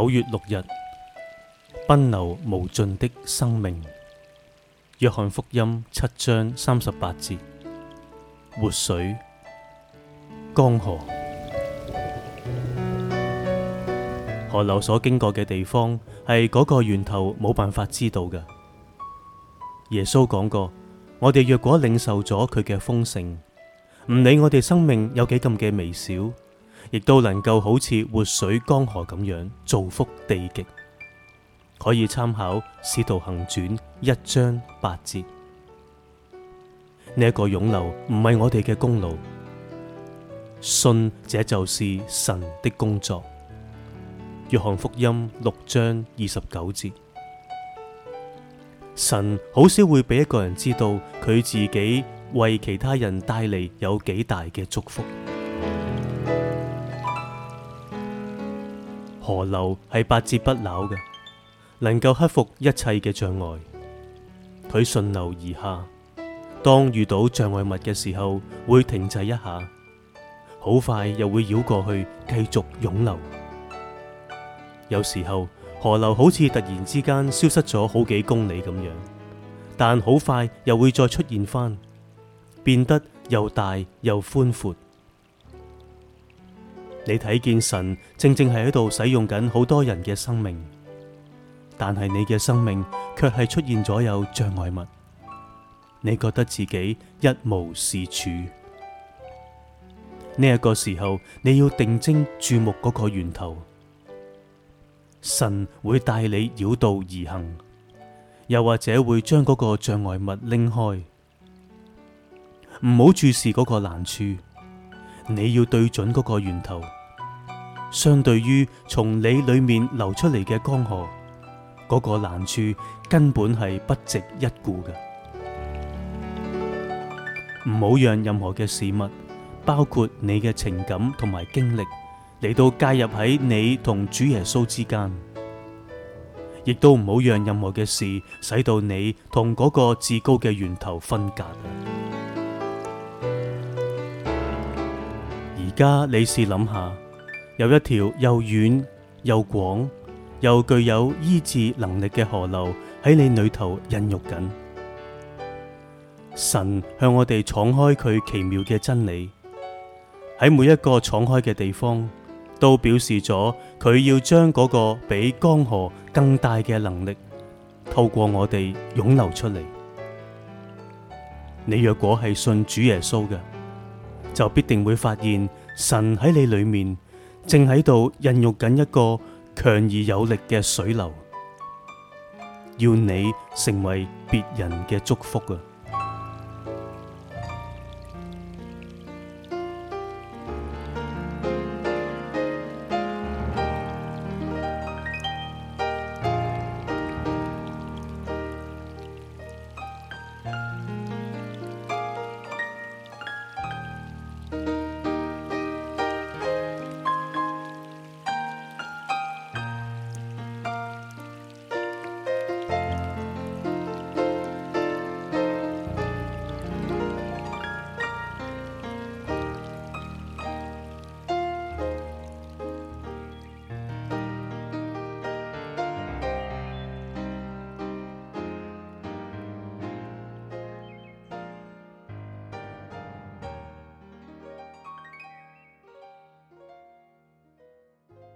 九月六日，奔流無盡的生命。約翰福音七章三十八節：活水、江河、河流所經過嘅地方，係嗰個源頭，冇辦法知道嘅。耶穌講過：我哋若果領受咗佢嘅豐盛，唔理我哋生命有幾咁嘅微小。亦都能夠好似活水江河咁樣造福地極，可以參考《使徒行傳》一章八節。呢一個湧流唔係我哋嘅功勞，信這就是神的工作。《約翰福音》六章二十九節，神好少會俾一個人知道佢自己為其他人帶嚟有幾大嘅祝福。河流係百折不撓嘅，能夠克服一切嘅障礙。佢順流而下，當遇到障礙物嘅時候，會停滯一下，好快又會繞過去，繼續湧流。有時候，河流好似突然之間消失咗好幾公里咁樣，但好快又會再出現返，變得又大又寬闊。你睇見神正正係喺度使用緊好多人嘅生命，但係你嘅生命卻係出現咗有障礙物。你覺得自己一無是處，呢一個時候你要定睛注目嗰個源頭，神會帶你繞道而行，又或者會將嗰個障礙物拎開。唔好注視嗰個難處，你要對準嗰個源頭。相對於從你裏面流出嚟嘅江河，嗰個難處根本係不值一顧嘅。唔好讓任何嘅事物，包括你嘅情感同埋經歷，嚟到介入喺你同主耶穌之間，亦都唔好讓任何嘅事使到你同嗰個至高嘅源頭分隔。而家你試諗下。有一條又遠又廣又具有醫治能力嘅河流喺你裏頭孕育緊。神向我哋敞開佢奇妙嘅真理，喺每一個敞開嘅地方都表示咗佢要將嗰個比江河更大嘅能力透過我哋湧流出嚟。你若果係信主耶穌嘅，就必定會發現神喺你裏面。正喺度孕育緊一個強而有力嘅水流，要你成為別人嘅祝福啊！